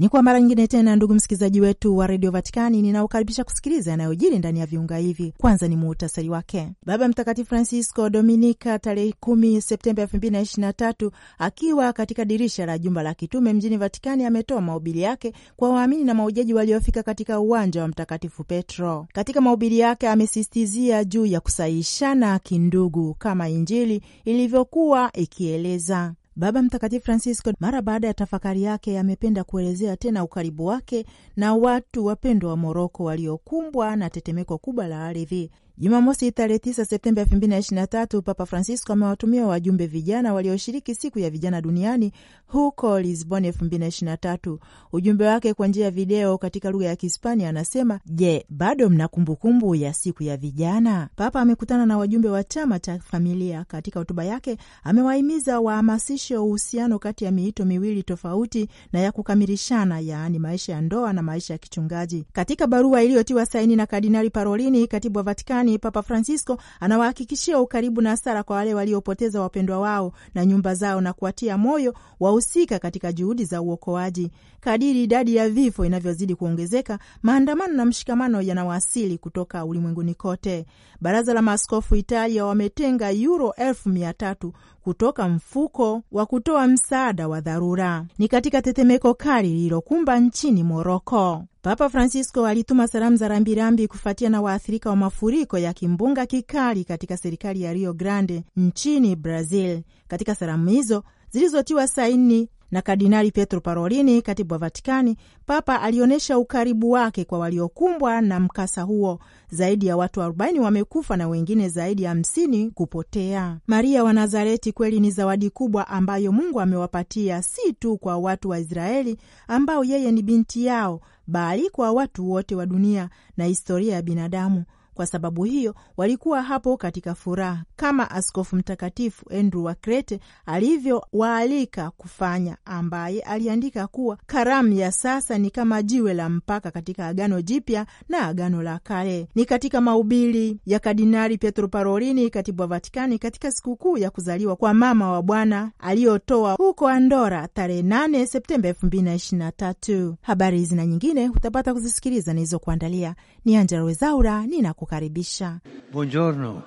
Ni kwa mara nyingine tena, ndugu msikilizaji wetu wa redio Vatikani, ninaokaribisha kusikiliza yanayojiri ndani ya viunga hivi. Kwanza ni muhtasari wake. Baba Mtakatifu Francisco Dominika tarehe 10 Septemba 2023 akiwa katika dirisha la jumba la kitume mjini Vatikani ametoa mahubiri yake kwa waamini na maujaji waliofika katika uwanja wa Mtakatifu Petro. Katika mahubiri yake amesisitizia juu ya kusaishana kindugu kama Injili ilivyokuwa ikieleza Baba Mtakatifu Francisco mara baada ya tafakari yake amependa kuelezea tena ukaribu wake na watu wapendwa wa Moroko waliokumbwa na tetemeko kubwa la ardhi Jumamosi tarehe 9 Septemba 2023 Papa Francisco amewatumia wajumbe vijana walioshiriki siku ya vijana duniani huko Lisbon 2023 ujumbe wake kwa njia ya video katika lugha ya Kihispania. Anasema, je, bado mna kumbukumbu kumbu ya siku ya vijana? Papa amekutana na wajumbe wa chama cha familia. Katika hotuba yake amewahimiza wahamasishe uhusiano kati ya miito miwili tofauti na ya kukamilishana, yaani maisha ya ndoa na maisha ya kichungaji. Katika barua iliyotiwa saini na Kardinali Parolini, katibu wa Vatikani Marekani, Papa Francisco anawahakikishia ukaribu na sala kwa wale waliopoteza wapendwa wao na nyumba zao na kuwatia moyo wahusika katika juhudi za uokoaji. Kadiri idadi ya vifo inavyozidi kuongezeka, maandamano na mshikamano yanawasili kutoka ulimwenguni kote. Baraza la Maaskofu Italia wametenga yuro elfu mia tatu kutoka mfuko wa kutoa msaada wa dharura. Ni katika tetemeko kali lililokumba nchini Moroko, Papa Francisco alituma salamu za rambirambi kufuatia na waathirika wa mafuriko ya kimbunga kikali katika serikali ya Rio Grande nchini Brazil. Katika salamu hizo zilizotiwa saini na Kardinali petro Parolini, katibu wa Vatikani, Papa alionyesha ukaribu wake kwa waliokumbwa na mkasa huo. Zaidi ya watu 40 wamekufa na wengine zaidi ya 50 kupotea. Maria wa Nazareti kweli ni zawadi kubwa ambayo Mungu amewapatia, si tu kwa watu wa Israeli ambao yeye ni binti yao, bali kwa watu wote wa dunia na historia ya binadamu. Kwa sababu hiyo walikuwa hapo katika furaha, kama Askofu Mtakatifu Andrew wa Krete alivyowaalika kufanya, ambaye aliandika kuwa karamu ya sasa ni kama jiwe la mpaka katika Agano Jipya na Agano la Kale. Ni katika mahubiri ya Kardinali Pietro Parolini, katibu wa Vatikani, katika sikukuu ya kuzaliwa kwa Mama wa Bwana aliyotoa huko Andora tarehe 8 Septemba 2023. Habari hizi na nyingine utapata kuzisikiliza nilizokuandalia. Ni Angella Wezaura ninaku Bukhari Bisha. Buongiorno,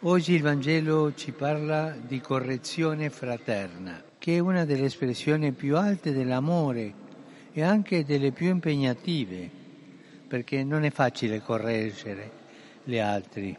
oggi il Vangelo ci parla di correzione fraterna, che è una delle espressioni più alte dell'amore e anche delle più impegnative, perché non è facile correggere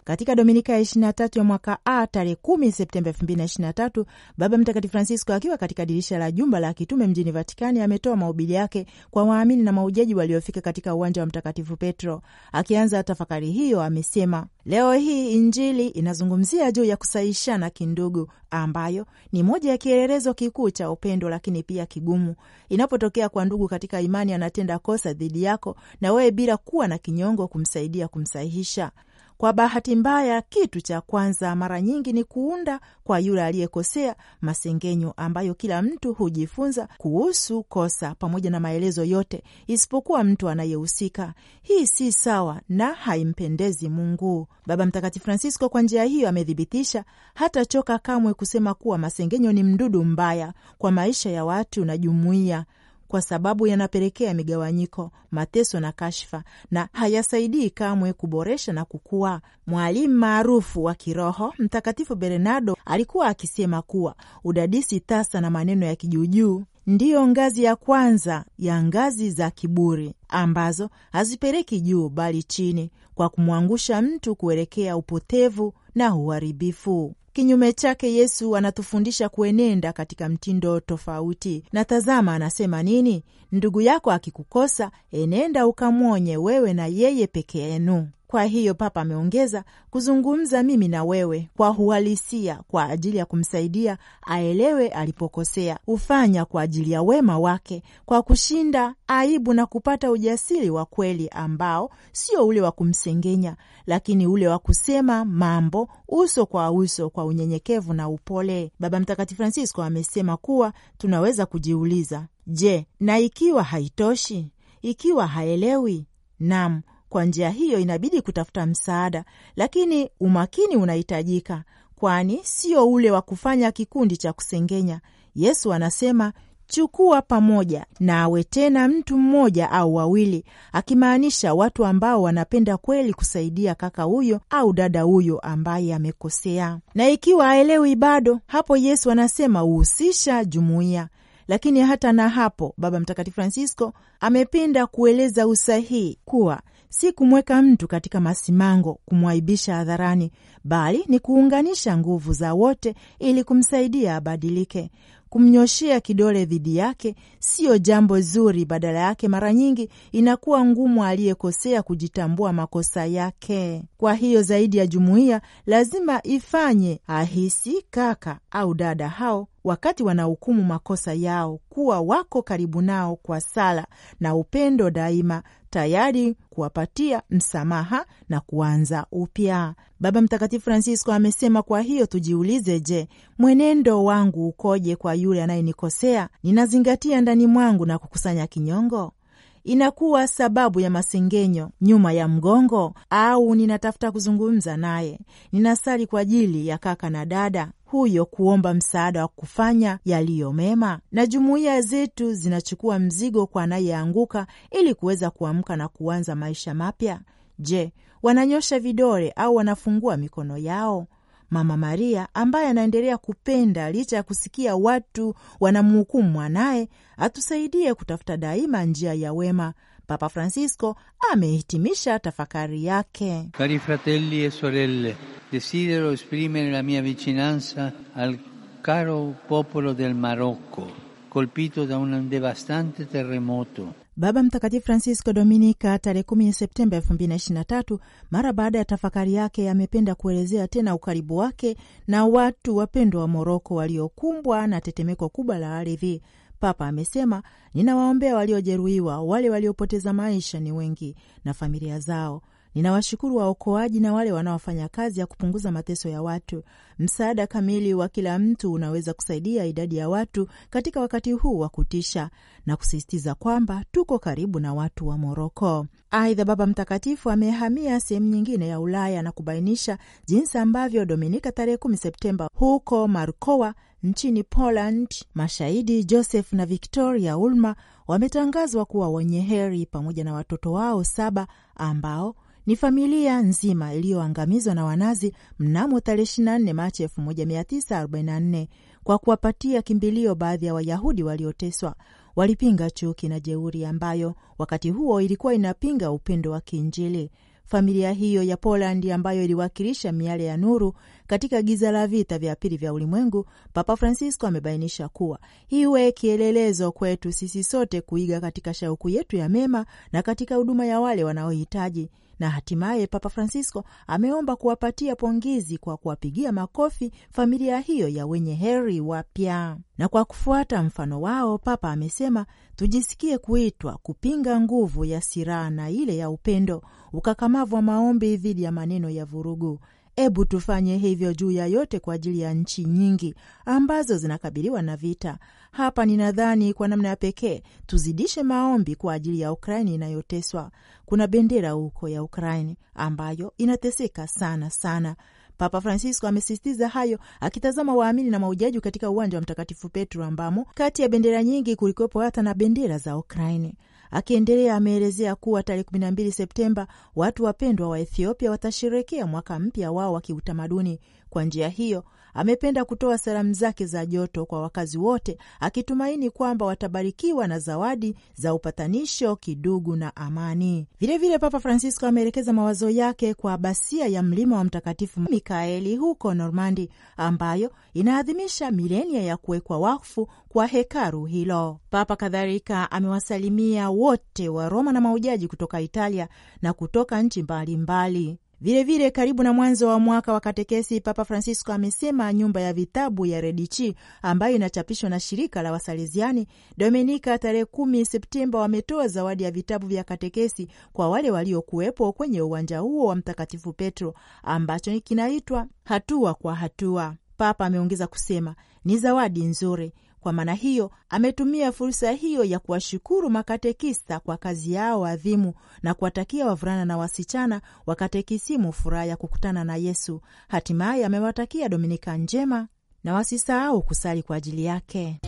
Katika Dominika ya 23 ya mwaka A tarehe 10 Septemba 2023, Baba Mtakatifu Francisco akiwa katika dirisha la jumba la kitume mjini Vatikani ametoa mahubiri yake kwa waamini na maujaji waliofika katika uwanja wa Mtakatifu Petro. Akianza tafakari hiyo, amesema Leo hii Injili inazungumzia juu ya kusaishana kindugu, ambayo ni moja ya kielelezo kikuu cha upendo, lakini pia kigumu. Inapotokea kwa ndugu katika imani anatenda kosa dhidi yako na wewe, bila kuwa na kinyongo kumsaidia kumsahihisha, kwa bahati mbaya, kitu cha kwanza mara nyingi ni kuunda kwa yule aliyekosea masengenyo ambayo kila mtu hujifunza kuhusu kosa pamoja na maelezo yote isipokuwa mtu anayehusika. Hii si sawa na haimpendezi Mungu. Baba Mtakatifu Francisco kwa njia hiyo amethibitisha hata choka kamwe kusema kuwa masengenyo ni mdudu mbaya kwa maisha ya watu na jumuiya kwa sababu yanapelekea migawanyiko, mateso na kashfa na hayasaidii kamwe kuboresha na kukua. Mwalimu maarufu wa kiroho Mtakatifu Bernardo alikuwa akisema kuwa udadisi tasa na maneno ya kijuujuu ndiyo ngazi ya kwanza ya ngazi za kiburi ambazo hazipeleki juu bali chini, kwa kumwangusha mtu kuelekea upotevu na uharibifu. Kinyume chake, Yesu anatufundisha kuenenda katika mtindo tofauti. Na tazama, anasema nini? Ndugu yako akikukosa, enenda ukamwonye, wewe na yeye peke yenu. Kwa hiyo Papa ameongeza kuzungumza mimi na wewe kwa uhalisia kwa ajili ya kumsaidia aelewe alipokosea, hufanya kwa ajili ya wema wake, kwa kushinda aibu na kupata ujasiri wa kweli ambao sio ule wa kumsengenya, lakini ule wa kusema mambo uso kwa uso kwa unyenyekevu na upole. Baba Mtakatifu Francisco amesema kuwa tunaweza kujiuliza, je, na ikiwa haitoshi, ikiwa haelewi Nam, kwa njia hiyo inabidi kutafuta msaada, lakini umakini unahitajika, kwani sio ule wa kufanya kikundi cha kusengenya. Yesu anasema chukua pamoja na awe tena mtu mmoja au wawili, akimaanisha watu ambao wanapenda kweli kusaidia kaka huyo au dada huyo ambaye amekosea. Na ikiwa aelewi bado, hapo Yesu anasema uhusisha jumuiya. Lakini hata na hapo, Baba Mtakatifu Francisco amependa kueleza usahihi kuwa si kumweka mtu katika masimango, kumwaibisha hadharani, bali ni kuunganisha nguvu za wote ili kumsaidia abadilike. Kumnyoshea kidole dhidi yake siyo jambo zuri, badala yake mara nyingi inakuwa ngumu aliyekosea kujitambua makosa yake. Kwa hiyo zaidi ya jumuiya lazima ifanye ahisi kaka au dada hao wakati wanahukumu makosa yao, kuwa wako karibu nao kwa sala na upendo daima, tayari kuwapatia msamaha na kuanza upya. Baba Mtakatifu Francisco amesema, kwa hiyo tujiulize, je, mwenendo wangu ukoje kwa yule anayenikosea? Ninazingatia ndani mwangu na kukusanya kinyongo? inakuwa sababu ya masengenyo nyuma ya mgongo, au ninatafuta kuzungumza naye, ninasali kwa ajili ya kaka na dada huyo kuomba msaada wa kufanya yaliyo mema, na jumuiya zetu zinachukua mzigo kwa anayeanguka ili kuweza kuamka na kuanza maisha mapya. Je, wananyosha vidole au wanafungua mikono yao? Mama Maria ambaye anaendelea kupenda licha ya kusikia watu wanamhukumu mwanaye, atusaidie kutafuta daima njia ya wema. Papa Francisco amehitimisha tafakari yake. Cari fratelli e sorelle desidero esprimere la mia vicinanza al caro popolo del Marocco colpito da un devastante terremoto Baba Mtakatifu Francisco Dominika tarehe 10 Septemba 2023, mara baada ya tafakari yake, amependa kuelezea tena ukaribu wake na watu wapendwa wa Moroko waliokumbwa na tetemeko kubwa la ardhi. Papa amesema, ninawaombea waliojeruhiwa, wale waliopoteza maisha ni wengi na familia zao Ninawashukuru waokoaji na wale wanaofanya kazi ya kupunguza mateso ya watu. Msaada kamili wa kila mtu unaweza kusaidia idadi ya watu katika wakati huu wa kutisha, na kusisitiza kwamba tuko karibu na watu wa Moroko. Aidha, Baba Mtakatifu amehamia sehemu nyingine ya Ulaya na kubainisha jinsi ambavyo Dominika tarehe 10 Septemba huko Markowa nchini Poland, mashahidi Joseph na Victoria Ulma wametangazwa kuwa wenye heri pamoja na watoto wao saba ambao ni familia nzima iliyoangamizwa na Wanazi mnamo tarehe 24 Machi 1944 kwa kuwapatia kimbilio baadhi ya Wayahudi walioteswa. Walipinga chuki na jeuri ambayo wakati huo ilikuwa inapinga upendo wa kiinjili. Familia hiyo ya Polandi ambayo iliwakilisha miale ya nuru katika giza la vita vya pili vya ulimwengu, Papa Francisco amebainisha kuwa iwe kielelezo kwetu sisi sote kuiga katika shauku yetu ya mema na katika huduma ya wale wanaohitaji, na hatimaye Papa Francisco ameomba kuwapatia pongezi kwa kuwapigia makofi familia hiyo ya wenye heri wapya. Na kwa kufuata mfano wao, Papa amesema tujisikie kuitwa kupinga nguvu ya silaha na ile ya upendo, ukakamavu wa maombi dhidi ya maneno ya vurugu. Hebu tufanye hivyo juu ya yote kwa ajili ya nchi nyingi ambazo zinakabiliwa na vita, hapa ninadhani kwa namna ya pekee tuzidishe maombi kwa ajili ya Ukraini inayoteswa. Kuna bendera huko ya Ukraini ambayo inateseka sana sana. Papa Francisco amesisitiza hayo akitazama waamini na maujaji katika uwanja wa Mtakatifu Petro ambamo kati ya bendera nyingi kulikuwepo hata na bendera za Ukraini. Akiendelea ameelezea kuwa tarehe 12 Septemba watu wapendwa wa Ethiopia watasherekea mwaka mpya wao wa kiutamaduni. Kwa njia hiyo Amependa kutoa salamu zake za joto kwa wakazi wote, akitumaini kwamba watabarikiwa na zawadi za upatanisho, kidugu na amani. Vilevile vile Papa Francisco ameelekeza mawazo yake kwa basia ya mlima wa Mtakatifu Mikaeli huko Normandi, ambayo inaadhimisha milenia ya kuwekwa wakfu kwa hekaru hilo. Papa kadhalika amewasalimia wote wa Roma na maujaji kutoka Italia na kutoka nchi mbalimbali mbali. Vilevile vile, karibu na mwanzo wa mwaka wa katekesi, Papa Francisco amesema nyumba ya vitabu ya Redichi ambayo inachapishwa na shirika la Wasaleziani Dominika tarehe kumi Septemba wametoa zawadi ya vitabu vya katekesi kwa wale waliokuwepo kwenye uwanja huo wa Mtakatifu Petro ambacho kinaitwa hatua kwa hatua. Papa ameongeza kusema ni zawadi nzuri kwa maana hiyo ametumia fursa hiyo ya kuwashukuru makatekista kwa kazi yao adhimu na kuwatakia wavulana na wasichana wakatekisimu furaha ya kukutana na Yesu. Hatimaye amewatakia Dominika njema na wasisahau kusali kwa ajili yake.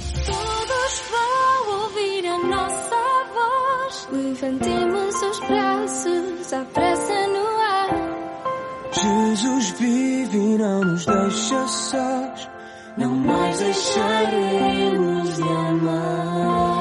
Jesus vive e não nos deixa sós não mais deixaremos de amar.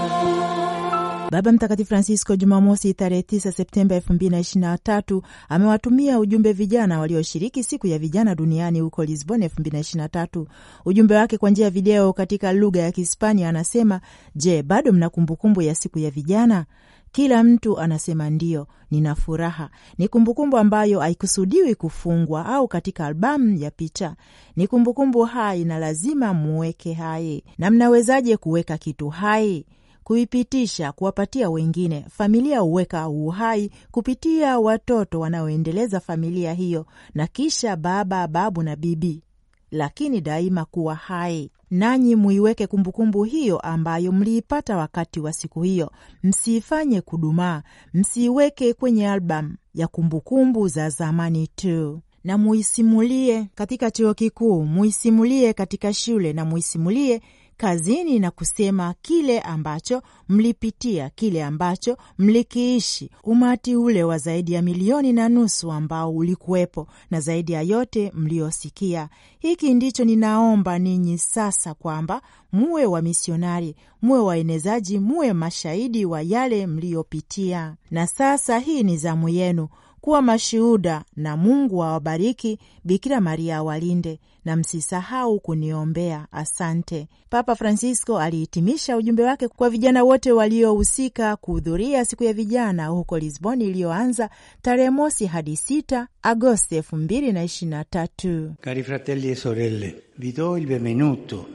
Baba Mtakatifu Francisco Jumamosi tarehe 9 Septemba 2023 amewatumia ujumbe vijana walioshiriki siku ya vijana duniani huko Lisbon 2023. Ujumbe wake kwa njia ya video katika lugha ya Kihispania anasema: Je, bado mna kumbukumbu ya siku ya vijana? Kila mtu anasema ndio, nina furaha. Ni kumbukumbu ambayo haikusudiwi kufungwa au katika albamu ya picha. Ni kumbukumbu hai na lazima muweke hai. Na mnawezaje kuweka kitu hai? Kuipitisha, kuwapatia wengine. Familia huweka uhai kupitia watoto wanaoendeleza familia hiyo, na kisha baba, babu na bibi, lakini daima kuwa hai nanyi muiweke kumbukumbu hiyo ambayo mliipata wakati wa siku hiyo, msiifanye kudumaa, msiiweke kwenye albamu ya kumbukumbu za zamani tu na muisimulie katika chuo kikuu, muisimulie katika shule, na muisimulie kazini na kusema kile ambacho mlipitia, kile ambacho mlikiishi, umati ule wa zaidi ya milioni na nusu ambao ulikuwepo, na zaidi ya yote mliosikia. Hiki ndicho ninaomba ninyi sasa, kwamba muwe wa misionari muwe waenezaji, muwe mashahidi wa yale mliyopitia. Na sasa hii ni zamu yenu kuwa mashuhuda, na Mungu awabariki, Bikira Maria awalinde, na msisahau kuniombea. Asante. Papa Francisco alihitimisha ujumbe wake kwa vijana wote waliohusika kuhudhuria siku ya vijana huko Lisboni iliyoanza tarehe mosi hadi sita Agosti elfu mbili na ishirini na tatu. Cari fratelli e sorelle vi do il benvenuto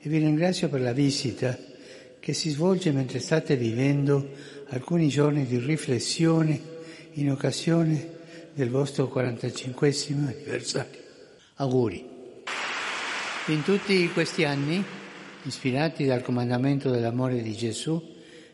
e vi ringrazio per la visita che si svolge mentre state vivendo alcuni giorni di riflessione in occasione del vostro 45 anniversario. Auguri. In tutti questi anni, ispirati dal comandamento dell'amore di Gesù,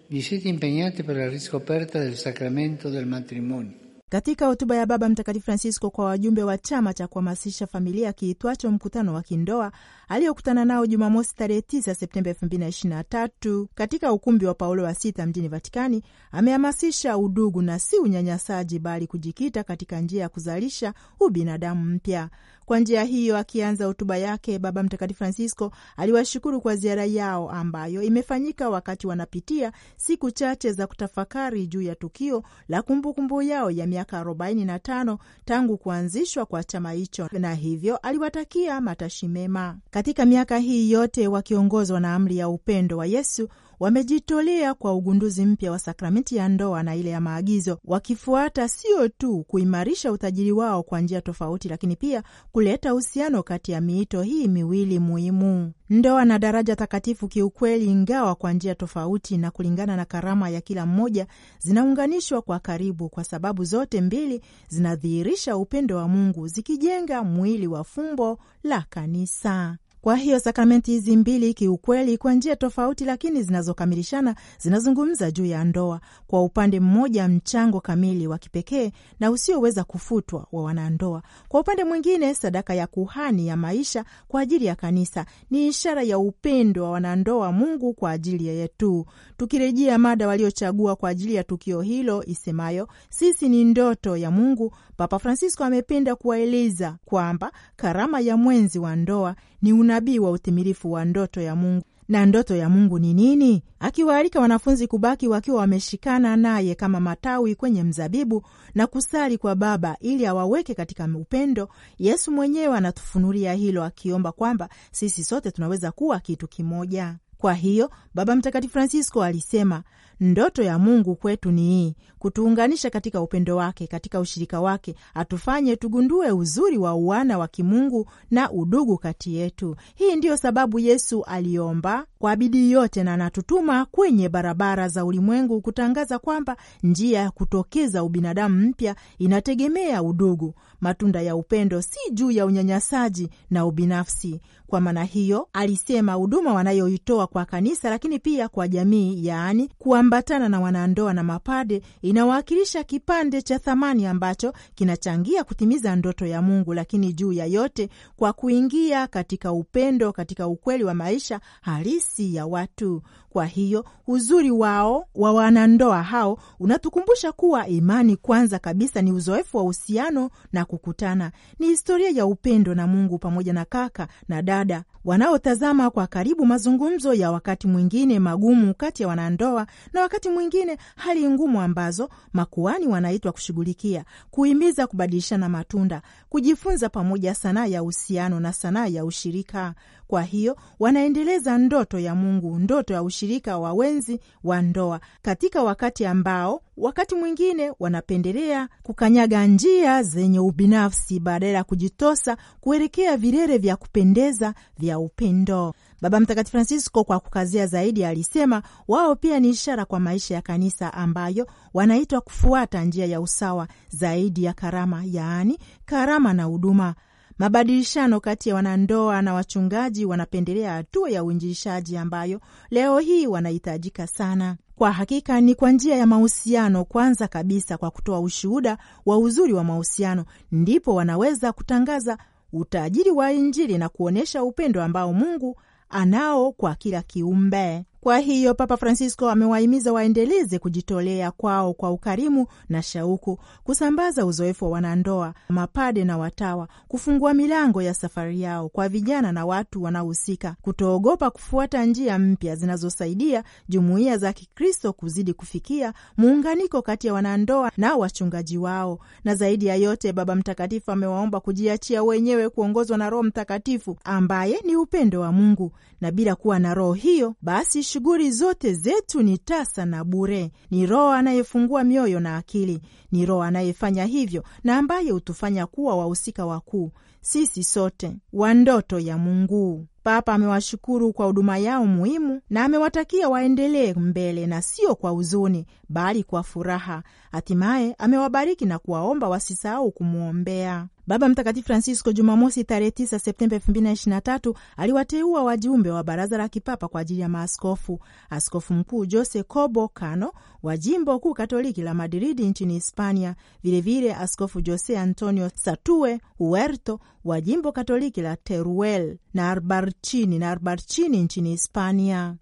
vi siete impegnati per la riscoperta del sacramento del matrimonio Katika hotuba ya Baba Mtakatifu Francisco kwa wajumbe wa chama cha kuhamasisha familia kiitwacho mkutano wa kindoa aliyokutana nao Jumamosi tarehe 9 Septemba 2023 katika ukumbi wa Paulo wa sita mjini Vatikani, amehamasisha udugu na si unyanyasaji, bali kujikita katika njia ya kuzalisha ubinadamu mpya. Kwa njia hiyo, akianza hotuba yake, Baba Mtakatifu Francisco aliwashukuru kwa ziara yao ambayo imefanyika wakati wanapitia siku chache za kutafakari juu ya tukio la kumbukumbu kumbu yao ya miaka 45 tangu kuanzishwa kwa chama hicho, na hivyo aliwatakia matashi mema katika miaka hii yote, wakiongozwa na amri ya upendo wa Yesu wamejitolea kwa ugunduzi mpya wa sakramenti ya ndoa na ile ya maagizo, wakifuata sio tu kuimarisha utajiri wao kwa njia tofauti, lakini pia kuleta uhusiano kati ya miito hii miwili muhimu. Ndoa na daraja takatifu kiukweli, ingawa kwa njia tofauti na kulingana na karama ya kila mmoja, zinaunganishwa kwa karibu, kwa sababu zote mbili zinadhihirisha upendo wa Mungu, zikijenga mwili wa fumbo la Kanisa. Kwa hiyo sakramenti hizi mbili kiukweli, kwa njia tofauti lakini zinazokamilishana, zinazungumza juu ya ndoa: kwa upande mmoja, mchango kamili wa kipekee na usioweza kufutwa wa wanandoa; kwa upande mwingine, sadaka ya kuhani ya maisha kwa ajili ya kanisa ni ishara ya upendo wa wanandoa Mungu kwa ajili yetu, tukirejea mada waliochagua kwa ajili ya tukio hilo isemayo sisi ni ndoto ya Mungu, Papa Francisco amependa kuwaeleza kwamba karama ya mwenzi wa ndoa ni unabii wa utimilifu wa ndoto ya Mungu na ndoto ya Mungu ni nini? Akiwaalika wanafunzi kubaki wakiwa wameshikana naye kama matawi kwenye mzabibu na kusali kwa Baba ili awaweke katika upendo. Yesu mwenyewe anatufunulia hilo, akiomba kwamba sisi sote tunaweza kuwa kitu kimoja. Kwa hiyo Baba Mtakatifu Francisco alisema Ndoto ya Mungu kwetu ni hii, kutuunganisha katika upendo wake, katika ushirika wake, atufanye tugundue uzuri wa uwana wa kimungu na udugu kati yetu. Hii ndiyo sababu Yesu aliomba kwa bidii yote, na anatutuma kwenye barabara za ulimwengu kutangaza kwamba njia ya kutokeza ubinadamu mpya inategemea udugu, matunda ya upendo, si juu ya unyanyasaji na ubinafsi. Kwa maana hiyo, alisema huduma wanayoitoa kwa kanisa, lakini pia kwa jamii, yaani kwa kuambatana na wanandoa na mapade inawakilisha kipande cha thamani ambacho kinachangia kutimiza ndoto ya Mungu, lakini juu ya yote kwa kuingia katika upendo, katika ukweli wa maisha halisi ya watu. Kwa hiyo uzuri wao wa wanandoa hao unatukumbusha kuwa imani kwanza kabisa ni uzoefu wa uhusiano na kukutana, ni historia ya upendo na Mungu pamoja na kaka na dada wanaotazama kwa karibu mazungumzo ya wakati mwingine magumu kati ya wanandoa na na wakati mwingine hali ngumu ambazo makuani wanaitwa kushughulikia, kuhimiza kubadilishana matunda, kujifunza pamoja sanaa ya uhusiano na sanaa ya ushirika. Kwa hiyo wanaendeleza ndoto ya Mungu, ndoto ya ushirika wa wenzi wa ndoa katika wakati ambao wakati mwingine wanapendelea kukanyaga njia zenye ubinafsi badala ya kujitosa kuelekea vilele vya kupendeza vya upendo. Baba Mtakatifu Francisco, kwa kukazia zaidi, alisema wao pia ni ishara kwa maisha ya kanisa ambayo wanaitwa kufuata njia ya usawa zaidi ya karama, yaani karama na huduma. Mabadilishano kati ya wanandoa na wachungaji wanapendelea hatua ya uinjilishaji ambayo leo hii wanahitajika sana. Kwa hakika ni kwa njia ya mahusiano, kwanza kabisa kwa kutoa ushuhuda wa uzuri wa mahusiano, ndipo wanaweza kutangaza utajiri wa Injili na kuonyesha upendo ambao Mungu anao kwa kila kiumbe. Kwa hiyo Papa Francisco amewahimiza waendeleze kujitolea kwao kwa ukarimu na shauku, kusambaza uzoefu wa wanandoa, mapade na watawa, kufungua milango ya safari yao kwa vijana na watu wanaohusika, kutoogopa kufuata njia mpya zinazosaidia jumuiya za Kikristo kuzidi kufikia muunganiko kati ya wanandoa na wachungaji wao. Na zaidi ya yote, Baba Mtakatifu amewaomba kujiachia wenyewe kuongozwa na Roho Mtakatifu ambaye ni upendo wa Mungu, na bila kuwa na roho hiyo basi shughuli zote zetu ni tasa na bure. Ni Roho anayefungua mioyo na akili, ni Roho anayefanya hivyo na ambaye hutufanya kuwa wahusika wakuu sisi sote wa ndoto ya Mungu. Papa amewashukuru kwa huduma yao muhimu na amewatakia waendelee mbele na sio kwa huzuni, bali kwa furaha. Hatimaye amewabariki na kuwaomba wasisahau kumwombea. Baba Mtakatifu Francisco Jumamosi tarehe 9 Septemba 2023 aliwateua wajumbe wa baraza la kipapa kwa ajili ya maaskofu: askofu mkuu Jose Cobo Cano wa jimbo kuu katoliki la Madridi nchini Hispania, vilevile askofu Jose Antonio Satue Huerto wa jimbo katoliki la Teruel na Arbarchini na Arbarchini nchini Hispania.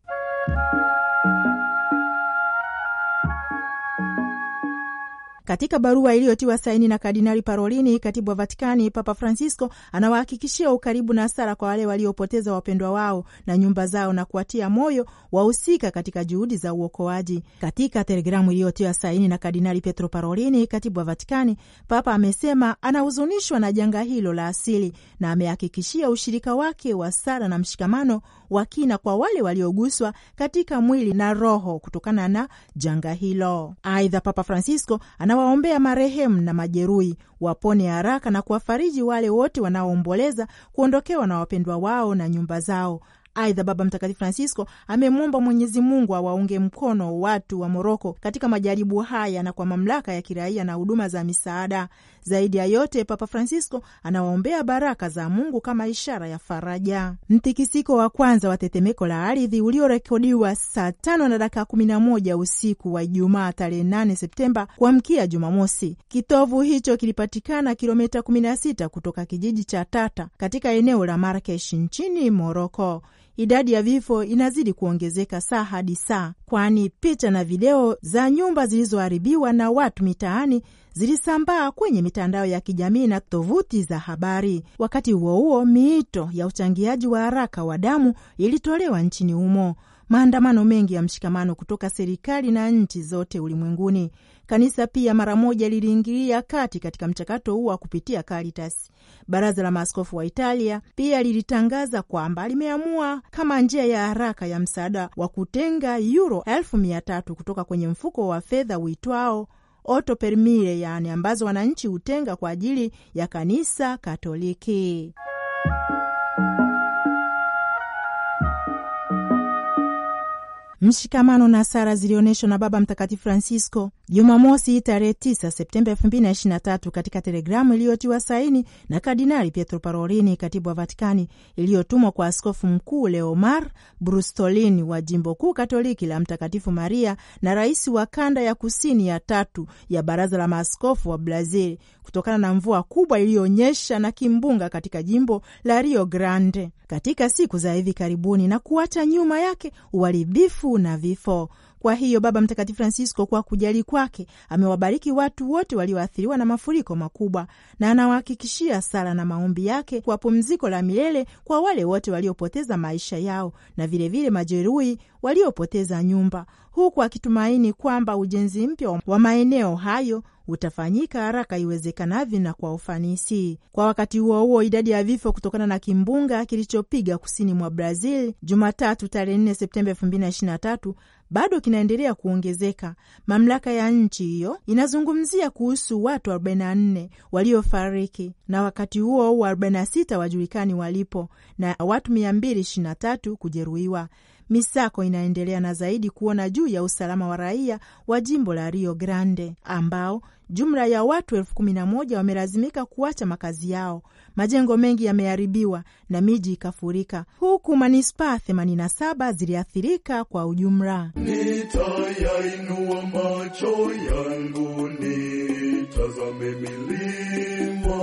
Katika barua iliyotiwa saini na Kardinali Parolini, katibu wa Vatikani, Papa Francisco anawahakikishia ukaribu na sala kwa wale waliopoteza wapendwa wao na nyumba zao na kuwatia moyo wahusika katika juhudi za uokoaji. Katika telegramu iliyotiwa saini na Kardinali Petro Parolini, katibu wa Vatikani, Papa amesema anahuzunishwa na janga hilo la asili na amehakikishia ushirika wake wa sala na mshikamano wa kina kwa wale walioguswa katika mwili na roho kutokana na janga hilo. Aidha, Papa Francisco anawaombea marehemu na majeruhi wapone haraka na kuwafariji wale wote wanaoomboleza kuondokewa na wapendwa wao na nyumba zao Aidha, Baba Mtakatifu Francisco amemwomba Mwenyezi Mungu awaunge mkono watu wa Moroko katika majaribu haya na kwa mamlaka ya kiraia na huduma za misaada. Zaidi ya yote, Papa Francisco anawaombea baraka za Mungu kama ishara ya faraja. Mtikisiko wa kwanza wa tetemeko la ardhi uliorekodiwa saa tano na dakika kumi na moja usiku wa Ijumaa tarehe 8 Septemba kuamkia Jumamosi. Kitovu hicho kilipatikana kilomita 16 kutoka kijiji cha Tata katika eneo la Marakesh nchini Moroko idadi ya vifo inazidi kuongezeka saa hadi saa, kwani picha na video za nyumba zilizoharibiwa na watu mitaani zilisambaa kwenye mitandao ya kijamii na tovuti za habari. Wakati huo huo, miito ya uchangiaji wa haraka wa damu ilitolewa nchini humo maandamano mengi ya mshikamano kutoka serikali na nchi zote ulimwenguni. Kanisa pia mara moja liliingilia kati katika mchakato huu wa kupitia Caritas. Baraza la Maaskofu wa Italia pia lilitangaza kwamba limeamua kama njia ya haraka ya msaada wa kutenga yuro elfu mia tatu kutoka kwenye mfuko wa fedha uitwao oto per mille, yaani ambazo wananchi hutenga kwa ajili ya kanisa Katoliki. Mshikamano na sara zilionyeshwa na Baba Mtakatifu Francisco Jumamosi tarehe 9 Septemba 2023 katika telegramu iliyotiwa saini na Kardinali Pietro Parolini, katibu wa Vatikani, iliyotumwa kwa askofu mkuu Leomar brustolini wa jimbo kuu katoliki la Mtakatifu Maria na rais wa kanda ya kusini ya tatu ya baraza la maaskofu wa Brazil kutokana na mvua kubwa iliyonyesha na kimbunga katika jimbo la Rio Grande katika siku za hivi karibuni na kuacha nyuma yake uharibifu na vifo. Kwa hiyo Baba Mtakatifu Francisco kwa kujali kwake amewabariki watu wote walioathiriwa na mafuriko makubwa, na anawahakikishia sala na maombi yake kwa pumziko la milele kwa wale wote waliopoteza maisha yao na vilevile majeruhi waliopoteza nyumba, huku akitumaini kwamba ujenzi mpya wa maeneo hayo utafanyika haraka iwezekanavyo na kwa ufanisi. Kwa wakati huo huo, idadi ya vifo kutokana na kimbunga kilichopiga kusini mwa Brazil Jumatatu tarehe 4 Septemba bado kinaendelea kuongezeka. Mamlaka ya nchi hiyo inazungumzia kuhusu watu 44 waliofariki na wakati huo huo 46 wajulikani walipo na watu 223 kujeruhiwa. Misako inaendelea na zaidi kuona juu ya usalama wa raia wa jimbo la Rio Grande ambao Jumla ya watu elfu kumi na moja wamelazimika kuacha makazi yao, majengo mengi yameharibiwa na miji ikafurika, huku manispaa 87 ziliathirika kwa ujumla. Nitayainua macho yangu nitazame milima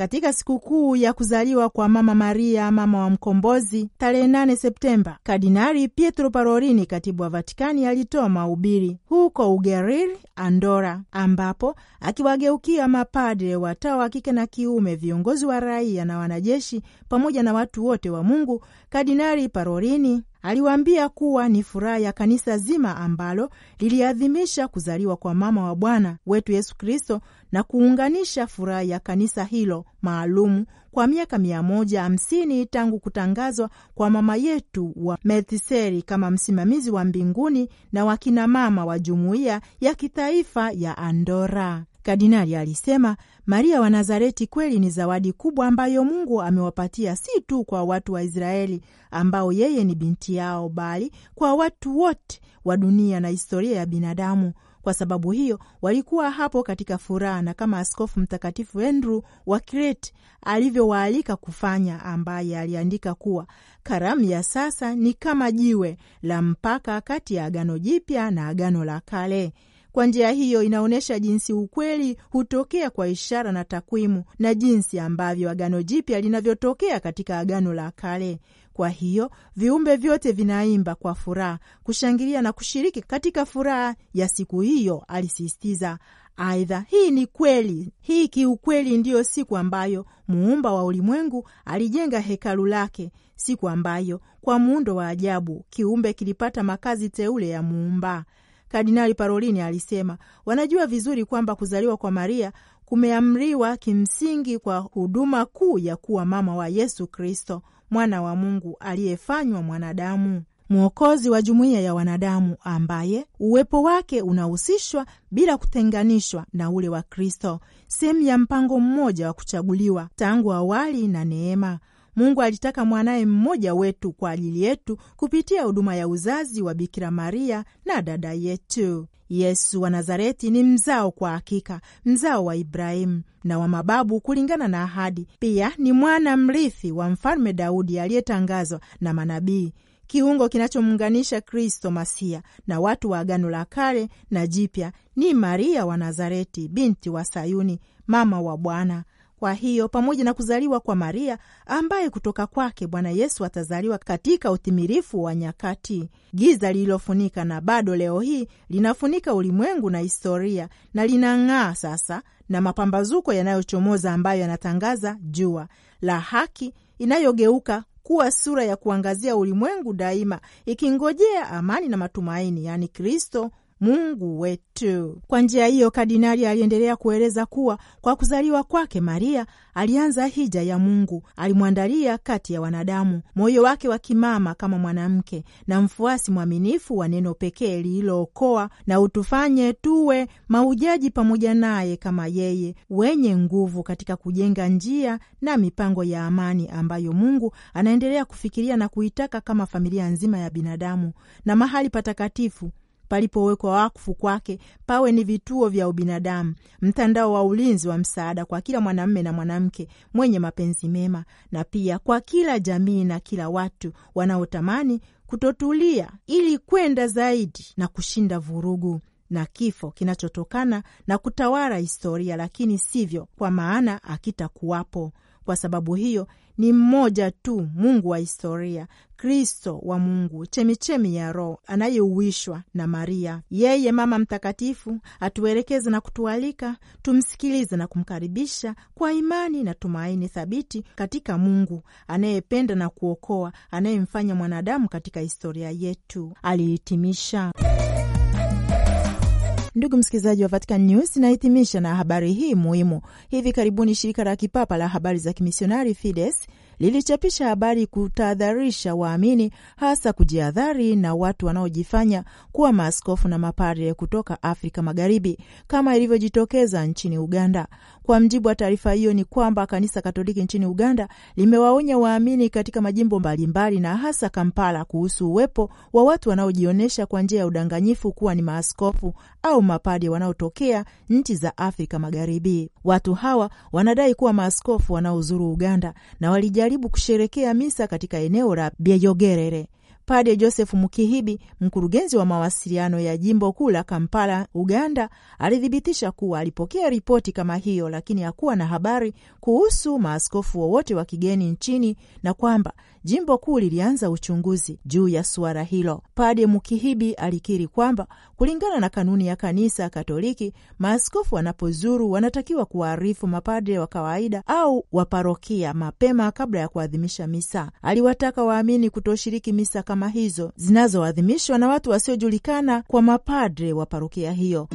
katika sikukuu ya kuzaliwa kwa Mama Maria, mama wa Mkombozi, tarehe 8 Septemba, Kardinali Pietro Parolini, katibu wa Vatikani, alitoa mahubiri huko ugerir Andora, ambapo akiwageukia mapadre, watawa wa kike na kiume, viongozi wa raia na wanajeshi, pamoja na watu wote wa Mungu, Kardinali Parolini Aliwaambia kuwa ni furaha ya kanisa zima ambalo liliadhimisha kuzaliwa kwa mama wa Bwana wetu Yesu Kristo na kuunganisha furaha ya kanisa hilo maalumu kwa miaka mia moja hamsini tangu kutangazwa kwa mama yetu wa Methiseri kama msimamizi wa mbinguni na wakinamama wa jumuiya ya kitaifa ya Andora. Kardinali alisema Maria wa Nazareti kweli ni zawadi kubwa ambayo Mungu amewapatia si tu kwa watu wa Israeli ambao yeye ni binti yao, bali kwa watu wote wa dunia na historia ya binadamu. Kwa sababu hiyo walikuwa hapo katika furaha, na kama Askofu Mtakatifu Andrew wa Crete alivyowaalika kufanya, ambaye aliandika kuwa karamu ya sasa ni kama jiwe la mpaka kati ya Agano Jipya na Agano la Kale. Kwa njia hiyo inaonyesha jinsi ukweli hutokea kwa ishara na takwimu na jinsi ambavyo Agano Jipya linavyotokea katika Agano la Kale. Kwa hiyo viumbe vyote vinaimba kwa furaha, kushangilia na kushiriki katika furaha ya siku hiyo, alisisitiza. Aidha, hii ni kweli, hii kiukweli ndiyo siku ambayo muumba wa ulimwengu alijenga hekalu lake, siku ambayo kwa muundo wa ajabu kiumbe kilipata makazi teule ya muumba. Kardinali Parolini alisema wanajua vizuri kwamba kuzaliwa kwa Maria kumeamriwa kimsingi kwa huduma kuu ya kuwa mama wa Yesu Kristo, mwana wa Mungu aliyefanywa mwanadamu, mwokozi wa jumuiya ya wanadamu, ambaye uwepo wake unahusishwa bila kutenganishwa na ule wa Kristo, sehemu ya mpango mmoja wa kuchaguliwa tangu awali na neema. Mungu alitaka mwanaye mmoja wetu kwa ajili yetu kupitia huduma ya uzazi wa Bikira Maria na dada yetu. Yesu wa Nazareti ni mzao kwa hakika, mzao wa Ibrahimu na wa mababu kulingana na ahadi. Pia ni mwana mrithi wa Mfalme Daudi aliyetangazwa na manabii, kiungo kinachomuunganisha Kristo Masia na watu wa Agano la Kale na Jipya. Ni Maria wa Nazareti, binti wa Sayuni, mama wa Bwana. Kwa hiyo pamoja na kuzaliwa kwa Maria ambaye kutoka kwake Bwana Yesu atazaliwa katika utimilifu wa nyakati, giza lililofunika na bado leo hii linafunika ulimwengu na historia, na linang'aa sasa na mapambazuko yanayochomoza ambayo yanatangaza jua la haki inayogeuka kuwa sura ya kuangazia ulimwengu daima, ikingojea amani na matumaini, yaani Kristo Mungu wetu. Kwa njia hiyo, kardinali aliendelea kueleza kuwa kwa kuzaliwa kwake Maria alianza hija ya Mungu, alimwandalia kati ya wanadamu moyo wake wa kimama kama mwanamke na mfuasi mwaminifu wa neno pekee lililookoa na utufanye tuwe maujaji pamoja naye kama yeye, wenye nguvu katika kujenga njia na mipango ya amani ambayo Mungu anaendelea kufikiria na kuitaka kama familia nzima ya binadamu na mahali patakatifu palipowekwa wakfu kwake pawe ni vituo vya ubinadamu, mtandao wa ulinzi wa msaada kwa kila mwanamume na mwanamke mwenye mapenzi mema, na pia kwa kila jamii na kila watu wanaotamani kutotulia ili kwenda zaidi na kushinda vurugu na kifo kinachotokana na kutawala historia, lakini sivyo, kwa maana akitakuwapo. Kwa sababu hiyo ni mmoja tu Mungu wa historia, Kristo wa Mungu, chemichemi ya Roho anayeuwishwa na Maria. Yeye Mama Mtakatifu atuelekeze na kutualika tumsikilize na kumkaribisha kwa imani na tumaini thabiti katika Mungu anayependa na kuokoa, anayemfanya mwanadamu katika historia yetu, alihitimisha. Ndugu msikilizaji wa Vatican News, inahitimisha na habari hii muhimu. Hivi karibuni shirika la kipapa la habari za kimisionari Fides lilichapisha habari kutahadharisha waamini, hasa kujihadhari na watu wanaojifanya kuwa maaskofu na mapadre kutoka Afrika Magharibi, kama ilivyojitokeza nchini Uganda. Kwa mjibu wa taarifa hiyo, ni kwamba kanisa Katoliki nchini Uganda limewaonya waamini katika majimbo mbalimbali na hasa Kampala kuhusu uwepo wa watu wanaojionyesha kwa njia ya udanganyifu kuwa ni maaskofu au mapade wanaotokea nchi za Afrika Magharibi. Watu hawa wanadai kuwa maaskofu wanaozuru Uganda na walijaribu karibu kusherekea misa katika eneo la Byeyogerere. Pade Joseph Mukihibi, mkurugenzi wa mawasiliano ya jimbo kuu la Kampala, Uganda, alithibitisha kuwa alipokea ripoti kama hiyo, lakini hakuwa na habari kuhusu maaskofu wowote wa kigeni nchini na kwamba Jimbo kuu lilianza uchunguzi juu ya suala hilo. Pade Mukihibi alikiri kwamba kulingana na kanuni ya Kanisa Katoliki, maaskofu wanapozuru wanatakiwa kuwaarifu mapadre wa kawaida au waparokia mapema kabla ya kuadhimisha misa. Aliwataka waamini kutoshiriki misa kama hizo zinazoadhimishwa na watu wasiojulikana kwa mapadre wa parokia hiyo.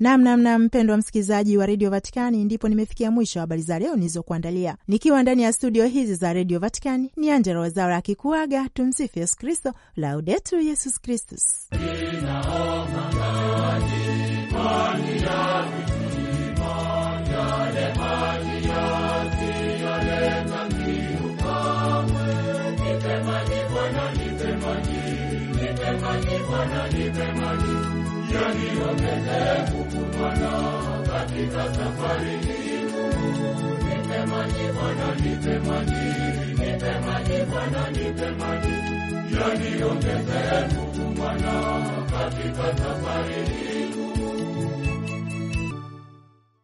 Namnamna mpendwa msikilizaji wa redio Vatikani, ndipo nimefikia mwisho wa habari za leo nilizokuandalia nikiwa ndani ya studio hizi za redio Vatikani. Ni Angela Wazao akikuaga. Tumsifu Yesu Kristo, Laudetur Yesus Kristus. Duniani uendelee kukumana katika safari hii Nipe maji Bwana, nipe maji, nipe maji Bwana, nipe maji. Duniani uendelee kukumana katika safari hii